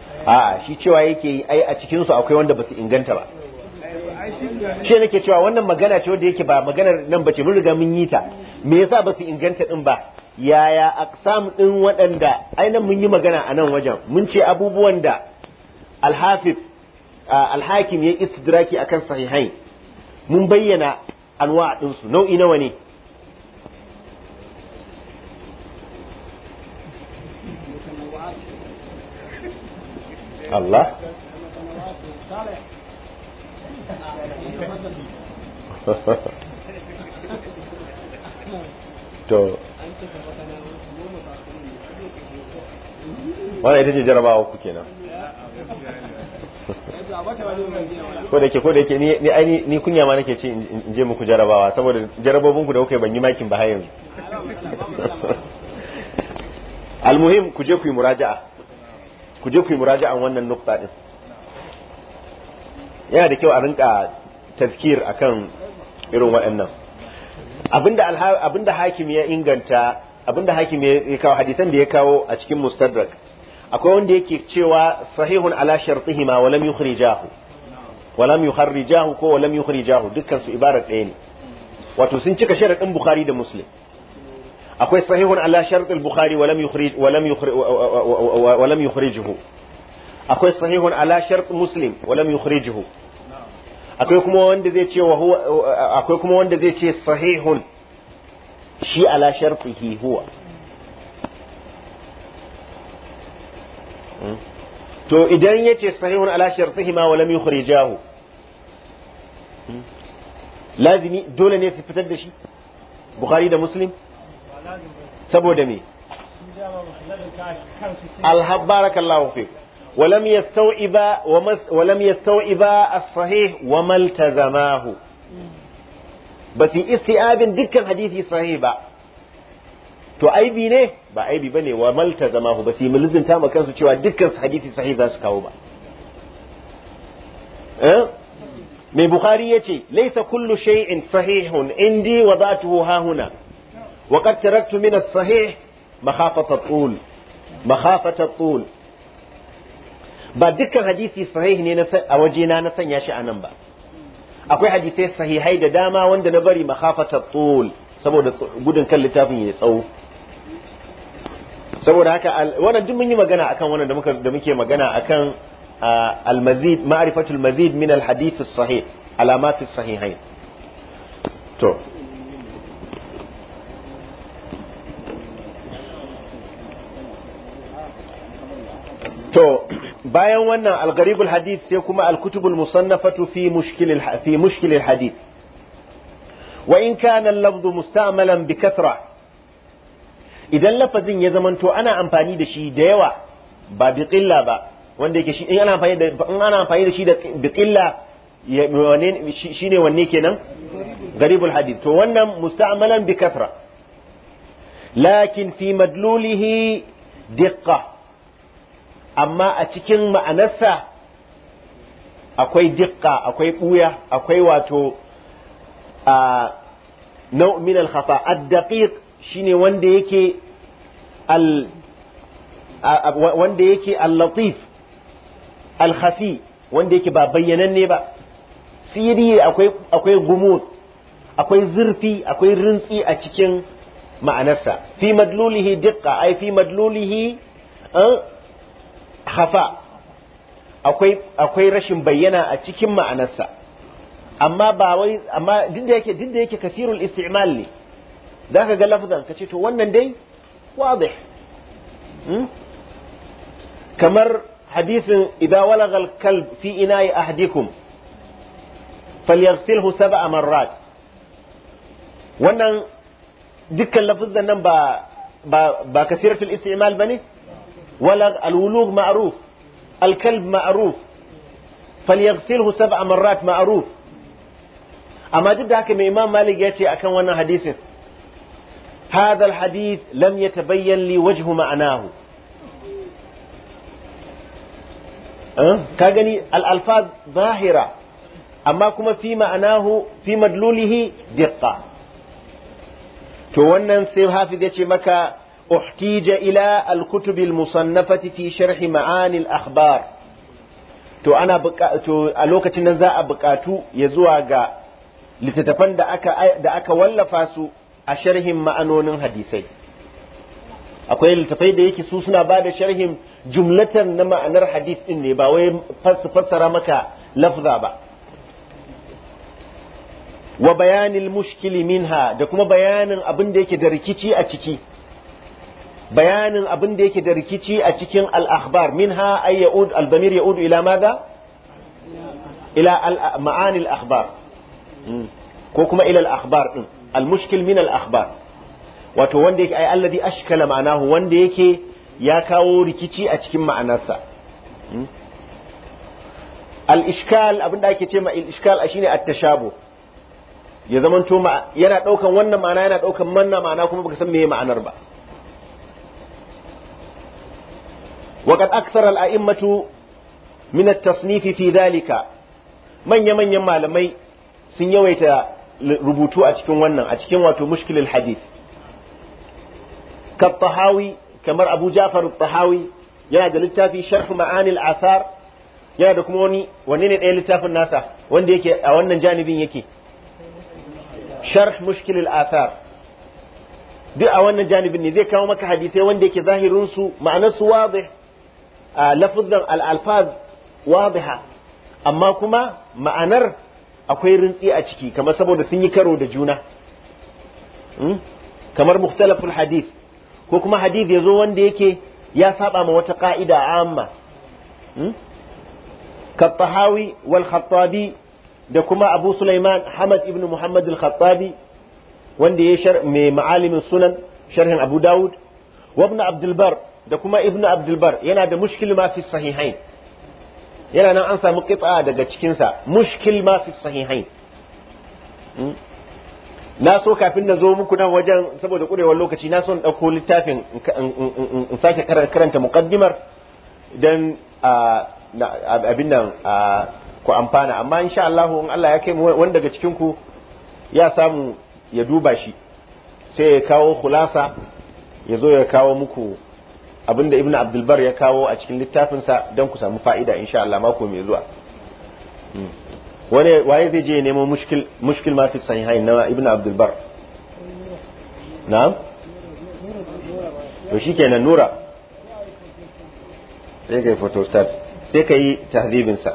a'a shi cewa yake yi ai a cikinsu akwai wanda basu inganta ba shi nake cewa wannan magana ce wanda yake ba maganar nan ce mun riga mun yi ta me yasa basu inganta din ba yaya aqsam din waɗanda ainihin mun yi magana a nan wajen mun ce abubuwan da alhafif alhakim ya istidraki akan sahihain mun bayyana anwa'a din su nau'i nawa ne Allah to wani ita ce jarabawa uku kenan ko da ke ko da ke ni ai ni kunya ma nake ce in je muku jarabawa saboda jarabobin ku da kuka ban yi makin ba har yanzu [laughs] almuhim ku je ku yi muraja'a ku je ku yi muraja'an wannan nukta din yana da kyau a rinka tazkir akan irin waɗannan abinda abinda hakim ya inganta abinda ya kawo hadisan da ya kawo a cikin mustadrak akwai wanda yake cewa sahihun ala shartihi ma walam yukhrijahu walam ko walam yukhrijahu dukkan su ibarar ɗaya ne wato sun cika sharadin bukhari da muslim akwai sahihun ala shartul bukhari wa lam yukhrij akwai sahihun ala shart muslim walam lam yukhrijuhu akwai kuma wanda zai ce sahihun shi ala shartihi huwa hmm? to idan ce sahihun ala shartihi ma wa lam yukhrijahu hmm? lazimi dole ne su fitar da shi bukhari da muslim saboda me barakallahu fi ولم يستوعب ولم يستوعب الصحيح وما التزماه بس استيعاب دكان حديثي صحيح ba. to aibi ne ba aibi ba ne wa malta zama hu ba su yi ma kansu cewa dukkan su hadisi sahih za su kawo ba eh? mai bukhari ya ce laisa kullu shay'in sahihun indi wa za ha huna وقد تركت من الصحيح مخافة الطول مخافة الطول ba dukkan hadisi sahih ne a wajena na sanya shi a nan ba akwai hadisai sahihai da dama wanda na bari makhafata tul saboda gudun kan littafin ya tsawo saboda haka wannan duk mun yi magana akan wannan da muka da muke magana akan al-mazid ma'rifatul mazid min al-hadith as-sahih alamat as-sahihain to to bayan wannan algaribul hadith sai kuma alkutubul musannafatu fi mushkilil hadith wa in kanan labdu lafdhu musta'malan bi kathra idan lafazin ya zamanto ana amfani da shi da yawa ba bi qilla ba wanda yake shi in ana amfani da in da shi da bi shi ne wanne kenan garibul hadith to wannan musta'malan bi kathra lakin fi madlulihi diqqah amma a cikin ma'anarsa akwai diƙa akwai buya akwai wato a nau'min al ad-daqiq shine wanda yake al wanda yake al-latif al-khafi wanda yake ba bayyananne ba siri akwai akwai akwai zurfi akwai rintsi a cikin ma'anarsa fi madlulihi diqqa ai fi madlulihi eh, hafa akwai rashin bayyana a cikin ma'anarsa amma ba wai amma dinda da yake duk da yake kafirul isti'mal ne zaka ga lafzan kace to wannan dai wadih hmm? kamar hadisin idza walagha al-kalb fi ina'i ahadikum falyaghsilhu sab'a marrat wannan dukkan lafzan nan ba ba ba kasiratul isti'mal bane ولا الولوغ ma'aruf. Alkalb ma'aruf. فليغسله سبع مرات ma'aruf. amma duk haka mai imam malik ya akan wannan hadisin hadha alhadith lam yatabayyan li wajhu ma'anahu ka gani al-alfaz zahira amma kuma fi ma'anahu fi madlulihi diqqa to wannan sai hafiz yace maka احتيج إلى الكتب المصنفة في شرح معاني الأخبار to ana a lokacin nan za a bukatu ya zuwa ga littattafan da aka da aka wallafa su a sharhin ma'anonin hadisai akwai littattafai da yake su suna ba da sharhin jumlatar na ma'anar hadis din ne ba wai fassara maka lafza ba wa bayanil mushkili minha da kuma bayanin abin da yake da rikici a ciki bayanin abin da yake da rikici a cikin al'akbar min ha ay ya'ud al-damir ya'ud ila madha ila ma'ani al-akhbar hmm. ko kuma ila al-akhbar din al-mushkil min al wato wanda yake ay alladhi ashkala ma'anahu wanda yake ya kawo rikici a cikin ma'anarsa hmm. al-ishkal abin da ake ce ma al-ishkal shine at-tashabuh ya zamanto yana daukan wannan ma'ana yana daukan manna ma'ana kuma baka san meye ma'anar ba وقد أكثر الأئمة من التصنيف في ذلك من يمن يما لمي سنيويت ربوتو أتكن ونن أتكن واتو مشكل الحديث كالطهاوي كمر أبو جعفر الطهاوي ينادى للتافي شرح معاني الآثار yana da kuma wani wanne ne ɗaya littafin nasa wanda yake a wannan janibin yake sharh mushkilil athar duk a wannan janibin ne zai kawo maka hadisai wanda yake zahirin su ma'anar su lafuzan al'alfaz waziha amma kuma ma'anar akwai rintsi a ciki kamar saboda sun yi karo da juna kamar mukhtalaful hadith ko kuma hadith ya zo wanda yake ya saba ma wata ka'ida amma kattahawi wal khattabi da kuma abu sulaiman hamad ibn muhammad al-khattabi wanda ya mai ma'alimin sunan sharhin abu dawud wa abdulbar da kuma ibnu abdulbar yana da mushkil ma fi sahihain yana nan an samu kitsa daga cikinsa sa mushkil ma fi sahihain hmm? na so kafin na zo muku nan wajen saboda kurewar lokaci na so in ɗauko littafin in sake karanta muqaddimar dan abin nan ku amfana amma insha Allah in Allah ya kai wani daga cikin ku ya samu ya duba shi sai ya kawo khulasa ya zo ya kawo muku abinda ibnu abdulbar ya kawo a cikin littafinsa don ku samu fa'ida insha Allah mako mai zuwa hmm. wani waye zai je nemo mushkil mushkil ma fi sahihain na Ibn abdulbar na. to shikenan nura sai yi photostat sai kai yi sa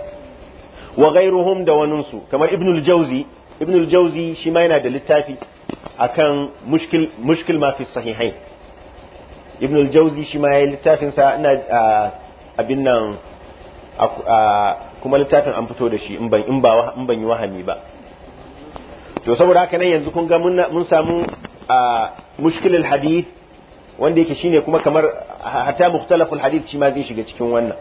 wa ghairuhum da waninsu kamar IbnulJauzi. al jauzi ibnu al shi ma yana da littafi akan mushkil mushkil ma fi sahihain ibn al jawzi shi ma yayi littafin sa ina abin nan kuma littafin an fito da shi in ban in ba in ban yi wahami ba to saboda haka nan yanzu kun ga mun samu mushkilul hadith wanda yake shine kuma kamar hatta mukhtalaful hadith shi ma zai shiga cikin wannan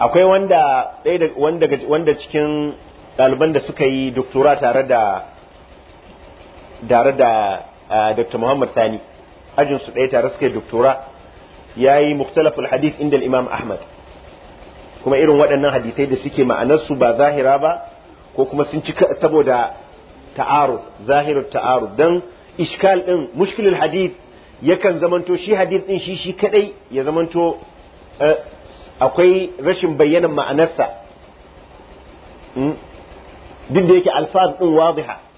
akwai wanda ɗaya wanda wanda cikin ɗaliban da suka yi doctorate tare da tare da Dr. Muhammad Sani ajin su ɗaya tare suka yi doktora ya yi muktalaful hadith inda imam ahmad kuma irin waɗannan hadisai da suke ma'anarsu ba zahira ba ko kuma sun ci saboda ta'aru zahirar ta'aru don ishkal ɗin mushkilul hadith yakan zamanto shi hadith ɗin shi shi kaɗai ya zamanto eh, akwai rashin bayyanan ma'anarsa hmm? duk da yake alfaz ɗin wadiha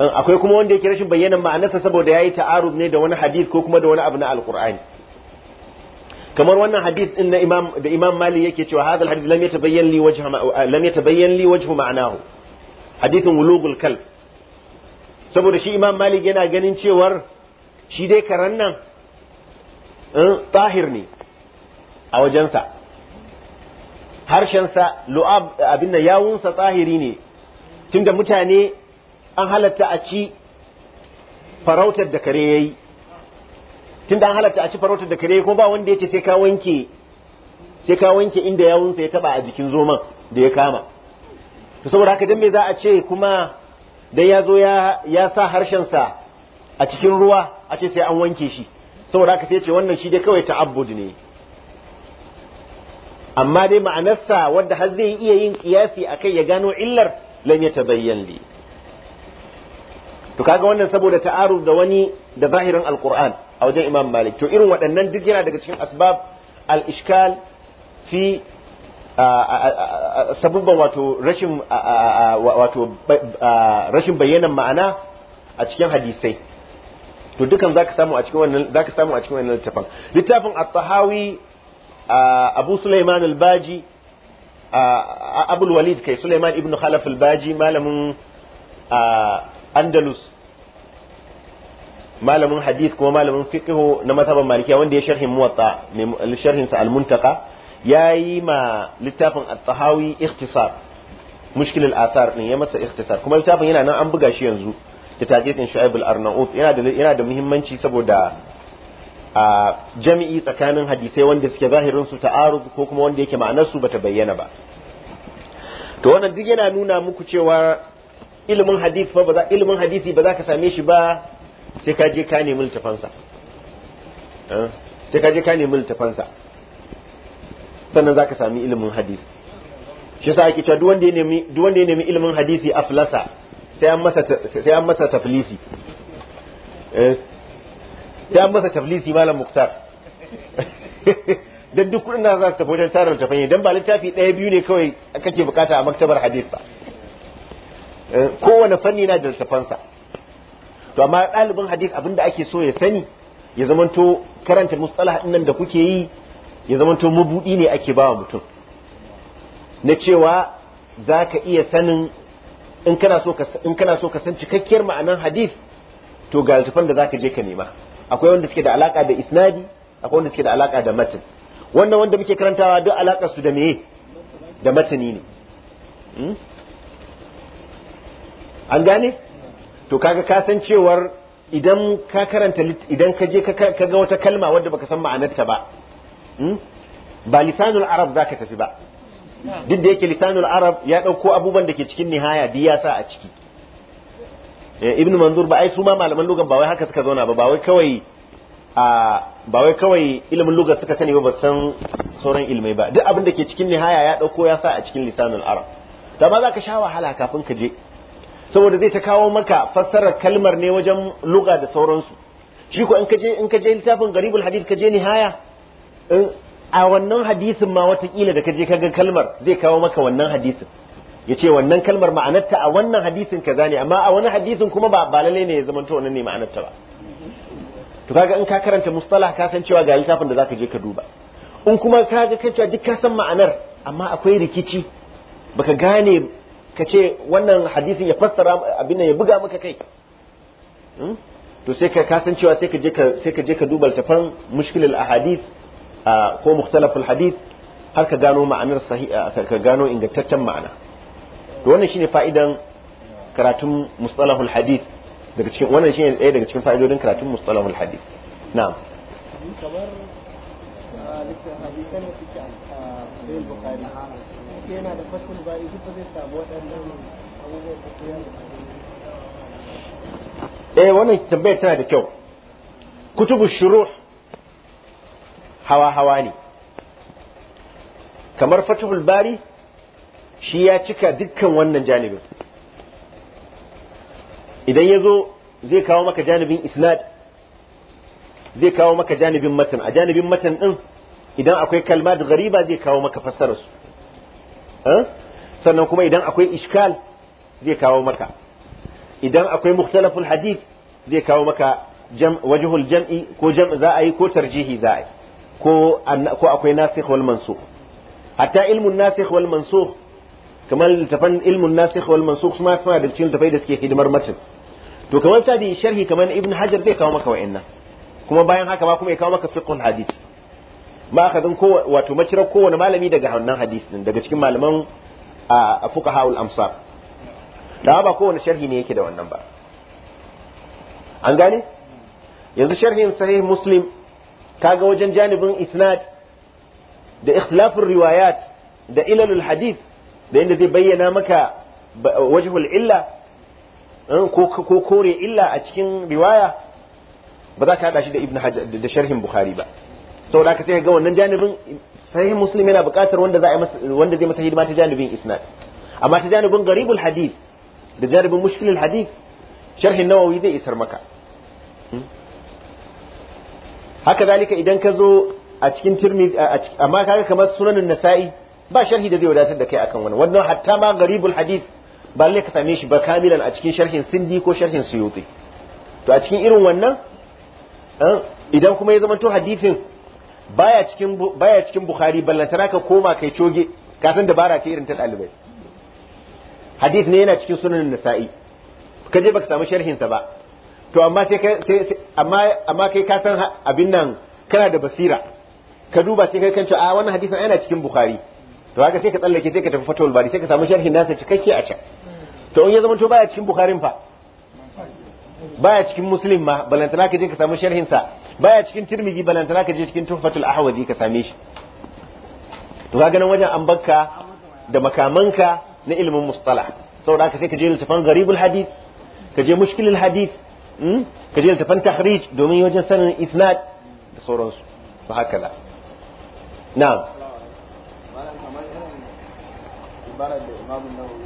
Eh, akwai kuma wanda yake rashin bayyanan ma'anarsa saboda yayi ta'arub ne da wani hadith ko kuma da wani abu na alqur'ani kamar wannan hadith din na imam da imam mali yake cewa hadha hadith lam yatabayyan li eh, lam yatabayyan li wajhu ma'anahu hadithun wulugul kalb saboda shi imam malik yana ganin cewar shi dai karan nan eh, tahir ne a wajensa harshensa lu'ab abin nan yawunsa tahiri ne tunda mutane an halatta a ci farautar da kare yayi tunda an halatta a ci farautar da kare ko ba wanda yace sai ka wanke sai ka wanke inda yawunsa ya taba a jikin zoman da ya kama to saboda haka dan me za a ce kuma dan ya zo ya ya sa harshen sa a cikin ruwa a ce sai an wanke shi saboda haka sai ce wannan shi dai kawai ta'abbud ne amma dai ma'anarsa wanda har zai iya yin kiyasi akai ya gano illar lan ya tabayyana to kaga wannan saboda ta'aruf da wani da zahirin alquran a wajen imam malik to irin waɗannan duk yana daga cikin asbab al-ishkal fi sabubban wato rashin wato rashin bayyanan ma'ana a cikin hadisai to dukan zaka samu a cikin wannan zaka samu a cikin wannan littafin littafin at-tahawi abu sulaiman al-baji abul walid kai sulaiman ibn khalaf al-baji malamin andalus malamin hadith kuma malamin fiqh na mazhaban malikiya wanda ya sharhin muwatta sharhin sa al-muntaqa yayi ma littafin at-tahawi ikhtisar mushkil al-athar ne ya masa ikhtisar kuma littafin yana nan an buga shi yanzu da tajirin shu'aib al-arnaut yana da yana da muhimmanci saboda a jami'i tsakanin hadisai wanda suke zahirin su ta'arud ko kuma wanda yake ma'anar su bata bayyana ba to wannan duk yana nuna muku cewa ilimin hadisi ba za ilimin hadisi ba za ka same shi ba sai ka je ka nemi littafansa ah, sai ka je ka nemi littafansa sannan za ka sami ilimin hadisi shi sa ake cewa duk wanda ya nemi ilimin hadisi aflasa sai an masa sai an masa taflisi eh, sai an masa taflisi malam muktar [laughs] don duk kudin da za su tafi wajen tarar tafanye dan ba littafi ɗaya biyu ne kawai kake bukata a maktabar hadith ba Eh, kowane fanni na da littafansa to amma ɗalibin hadith abinda ake so ya sani ya zamanto karanta mustalah nan da kuke yi ya zamanto mabudi ne ake ba wa mutum na cewa za ka iya sanin in kana so ka san cikakkiyar ma'anan hadith to ga littafan da za ka je ka nema akwai wanda suke da alaka da isnadi akwai wanda suke da alaka da matin wannan wanda muke karantawa duk alakar su da meye da matani ne hmm? an gane to kaga ka san cewar idan ka karanta idan ka je ka ga wata kalma wadda baka san ma'anarta ba hmm? ba lisanul arab zaka tafi ba duk da yake lisanul arab ya dauko abubuwan da ke cikin nihaya duk ya sa a ciki eh, ibn manzur ba ai su ma malaman lugan ba wai haka suka zauna ba ba wai kawai a ba wai kawai ilimin lugar suka sani ba san sauran ilmai ba duk abin da ke cikin nihaya ya dauko ya sa a cikin lisanul arab da ma ka sha wahala kafin ka je saboda zai ta kawo maka fassarar kalmar ne wajen luga da sauransu shi ko in ka je in ka je littafin garibul hadith ka je nihaya in a wannan hadisin ma watakila da ka je kaga kalmar zai kawo maka wannan hadisin ya ce wannan kalmar ma'anarta a wannan hadisin kaza ne amma a wani hadisin kuma ba ba lalle ne ya zamanto wannan ne ma'anarta ba to kaga in ka karanta mustalah ka san cewa ga littafin da zaka je ka duba in kuma kaga cewa duk ka san ma'anar amma akwai rikici baka gane ka ce wannan hadisin ya fassara abin ya buga maka kai hmm? to sai ka kasancewa sai ka je ka sai ka je ka duba tafan mushkilul ahadith ko mukhtalaful hadith har ka gano ma'anar ka gano ingantaccen ma'ana to wannan shine fa'idan karatun mustalahul hadith daga cikin wannan shine ɗaya daga cikin fa'idodin karatun mustalahul hadith na'am kamar Eh, wannan tambayar tana da kyau kutubu shuruh hawa hawa ne kamar fatihul bari shi ya cika dukkan wannan janibin idan ya zo zai kawo maka janibin isnad zai kawo maka janibin matan a janibin matan din idan akwai kalma da gariba zai kawo maka fassararsu. sannan kuma idan akwai iskal zai kawo maka idan akwai mukhtalaful hadith zai kawo maka wajhul jam'i ko jam za a yi ko tarjihi za a yi ko ko akwai nasikh wal mansukh hatta ilmun nasikh wal mansukh kamar littafan ilmun nasikh wal mansukh kuma suna da cikin tafai da suke hidimar matan to kamar ta da sharhi kamar ibn hajar zai kawo maka wa'annan kuma bayan haka ma kuma ya kawo maka fiqhul hadith ma akhadin ko wato macira kowane malami daga wannan hadith din daga cikin malaman a fuqahaul amsar da ba kowane sharhi ne yake da wannan ba an gane yanzu sharhin sahih muslim kaga wajen janibin isnad da ikhtilafur riwayat da ilalul hadith da yadda zai bayyana maka wajhul illa eh, ko kore illa a cikin riwaya ba za ka haɗa shi da ibn hajar da sharhin bukhari ba Sau da haka sai ga wannan janibin sahih muslim yana buƙatar wanda za a wanda zai masa hidima ta janibin isnad amma ta janibin garibul hadith da janibin mushkilul hadith sharhin nawawi zai isar maka hmm? haka zalika idan ka zo a cikin tirmidhi amma kaga kamar sunanin nasa'i ba sharhi da zai wadatar da kai akan wannan wannan hatta ma garibul hadith ba lalle ka same shi ba kamilan a cikin sharhin sindi ko sharhin suyuti to a cikin irin wannan Eh? idan kuma ya zamanto hadisin baya cikin baya cikin bukhari ballantana ka koma kai coge ka san dabara ce irin ta dalibai Hadith ne yana cikin sunan nasa'i ka je baka samu sharhin sa ba to amma sai sai amma amma kai ka san abin nan kana da basira ka duba sai kai kanta a ah, wannan hadisin yana cikin bukhari to haka sai ka tsallake sai ka tafi fatawul bari sai ka samu sharhin nasa cikakke a can to in ya zama to baya cikin bukharin fa baya cikin muslim ma balantana ka je ka samu sharhinsa sa baya cikin tirmidhi balantana ka je cikin tuhfatul ahwazi ka same shi to kaga nan wajen an bakka da makamanka na ilimin mustalah saboda haka sai ka je littafin garibul hadith ka je mushkilul hadith hmm? ka je littafin tahrij domin wajen sanin isnad da sauransu to haka da na'am malam kamar irin ibarar da imamu nawawi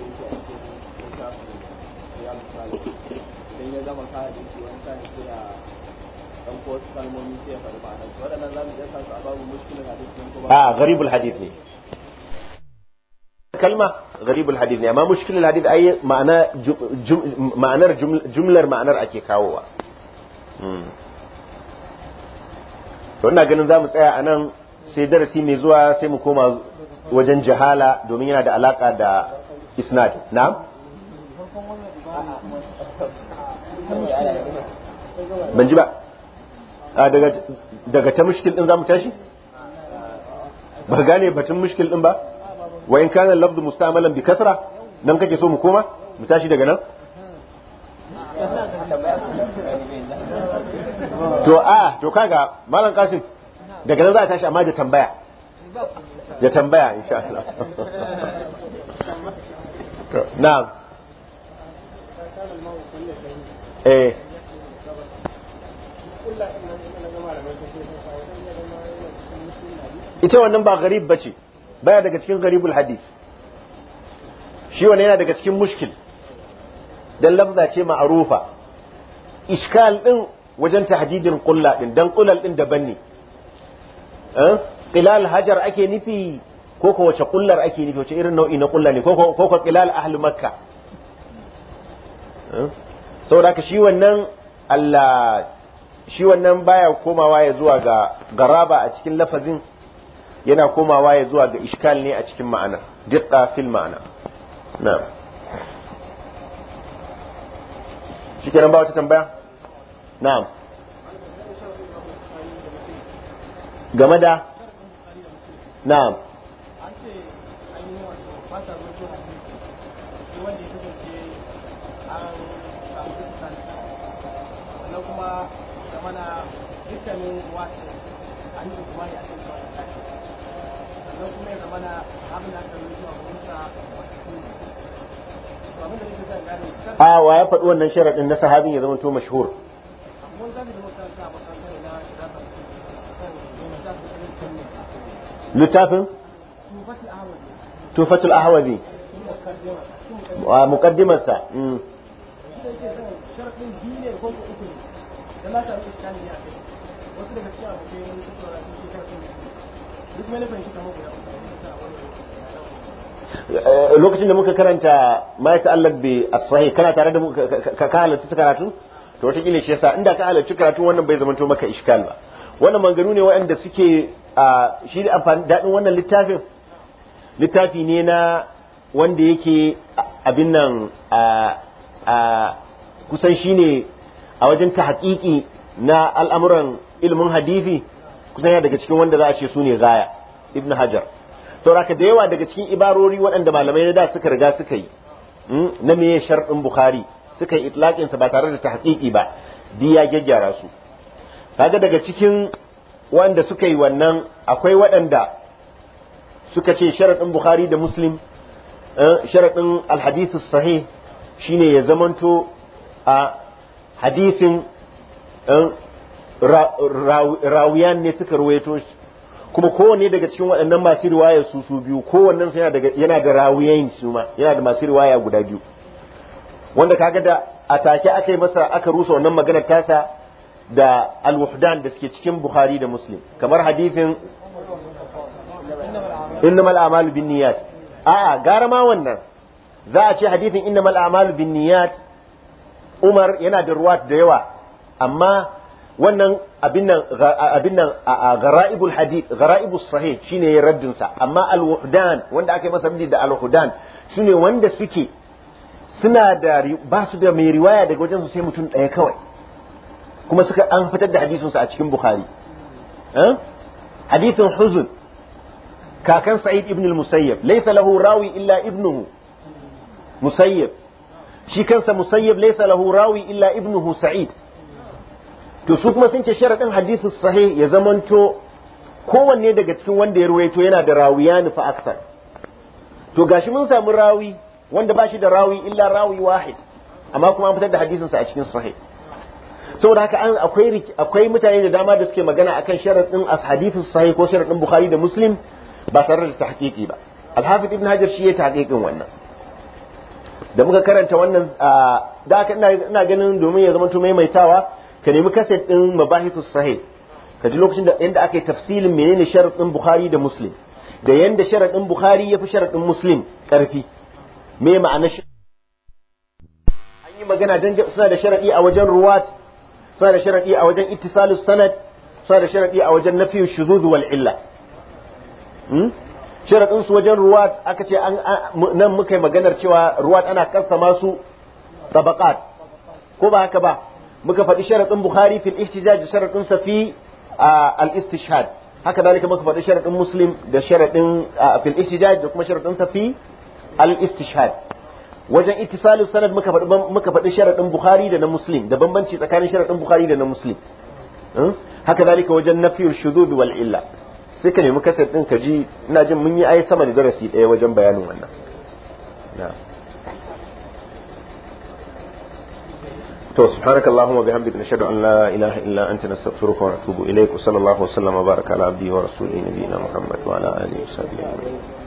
ya gama ne. abinci wani sa'in ko wasu kalmomi sai ya faɗi waɗannan iya a babu mushkilin hadisi ko ba a gharibul hadith ne kalma gharibul hadith ne amma mushkilul hadith ai ma'ana ma'anar jumlar ma'anar ake kawowa hmm. to ina ganin za mu tsaya a nan sai darasi mai zuwa sai mu koma wajen jahala domin yana da alaka da isnad na ban ji ba a daga ta mushkil din mu tashi ba gane batun mushkil din ba wa kanan kana musta'malan bi kasra nan kake so mu koma mu tashi daga nan to a to kaga malam kasim daga nan za a tashi amma da tambaya da tambaya insha Allah [laughs] na'am eh ita wannan ba garib bace baya daga cikin garibul hadith shi wannan yana daga cikin mushkil dan lafza ce ma'rufa iskal din wajen tahdidin qulla din dan qulal din daban ne eh qilal hajar ake nufi ko ko wace kullar ake nufi wace irin nau'i na kulla ne ko ko qilal ahli makka eh? saboda haka shi wannan Allah shi wannan baya komawa ya zuwa ga garaba a cikin lafazin yana komawa ya zuwa ga iskal ne a cikin ma'ana diqqa fil ma'ana shi kenan ba wata tambaya na'am game da na'am an ce kuma zamana dukkanin wata an yi kuma ya ce kawai da sannan kuma ya zamana abin da aka yi zuwa gurinsa wata kuma a wa ya faɗi wannan sharaɗin na sahabin ya zama to mashhur littafin tufatul ahwazi a mukaddimarsa na samu ne a kai wasu daga cikin wani su duk shi kamar guda eh, lokacin da muka karanta ma ya ta'allaq bi as kana tare da muka ka halarci karatu to wata kila shi yasa inda ka halarci karatu wannan bai zamanto maka iskal ba wannan manganu ne waɗanda suke shi da amfani daɗin wannan littafin littafi ne na wanda yake abin nan kusan shi ne a wajen ta haƙiƙi na al'amuran ilimin hadithi kusan daga cikin wanda za a ce su ne zaya ibn hajar sauraka da yawa daga cikin ibarori waɗanda malamai na da suka riga suka yi hmm, na meye sharɗin bukhari suka yi itlaƙinsa ba tare da ta haƙiƙi ba di ya gyaggyara su kaga daga cikin wanda suka yi wannan akwai waɗanda suka ce sharaɗin bukhari da muslim eh, sharaɗin alhadisu sahih shine ya zamanto a hadisin eh, rawiyan ne suka ruwaito shi kuma kowane daga cikin waɗannan masu riwaya su su biyu kowannen yana da rawiyan su ma yana da masu riwaya guda biyu wanda kaga da a take aka yi masa aka rusa wannan magana tasa da al-wuhdan da suke cikin buhari da muslim kamar hadithin innamal a'malu binniyat a'a gara ma wannan za a ce hadisin innamal a'malu binniyat umar yana da ruwat da yawa amma wannan abin nan abin nan gara'ibul hadith gara'ibus sahih shine ya raddin sa amma al-wuhdan wanda aka yi masa bidi da al-wuhdan shine wanda suke suna da ba su da mai riwaya daga wajen su sai mutum ɗaya kawai kuma suka an fitar da hadisin su a cikin bukhari eh? hadisin huzun kakan sa'id ibn al-musayyib laysa lahu rawi illa ibnuhu musayyib shi kansa musayyib laysa lahu rawi illa ibnuhu sa'id to su kuma sun ce sharadin hadithu sahih ya zamanto kowanne daga cikin wanda ya ruwaito yana da rawiyani fa aksar to gashi mun samu rawi wanda bashi da rawi illa rawi wahid amma kuma an fitar da hadisin sa a cikin sahih saboda haka an akwai akwai mutane da dama da suke magana akan sharadin hadisin sahih ko sharadin bukhari da muslim ba tare da tahqiqi ba al-hafiz ibn hajar shi ya tahqiqin wannan da muka karanta wannan da aka ina ganin domin ya zama to maimaitawa ka nemi kaset din mabahithus sahih ka ji lokacin da inda aka yi tafsilin menene sharadin bukhari da muslim da yanda sharadin bukhari fi sharadin muslim karfi me ma'ana an yi magana dan suna da sharadi a wajen ruwat suna da sharadi a wajen ittisalus sanad suna da sharadi a wajen nafiyush shuzuz wal illa hmm? sharaɗin su wajen ruwat aka ce nan muka yi maganar cewa ruwat ana kasa masu tabaqat ko ba haka ba muka faɗi sharaɗin bukhari fil ihtijaj sharaɗin sa fi al istishhad haka dalika muka faɗi sharaɗin muslim da sharaɗin fil ihtijaj da kuma sharaɗin sa fi al istishhad wajen ittisalus sanad muka faɗi muka faɗi sharaɗin bukhari da na muslim da bambanci tsakanin sharaɗin bukhari da na muslim hmm? haka dalika wajen nafiyul shuzuz wal illa sai ka nemi kasar ɗin ka ji ina jin mun yi ai sama da darasi ɗaya wajen bayanin wannan to subhanaka allahumma bihamdika nashhadu an la ilaha illa anta nastaghfiruka wa natubu ilayk wa sallallahu wa sallama baraka ala abdihi wa rasulihi nabiyina muhammad wa ala alihi wa sahbihi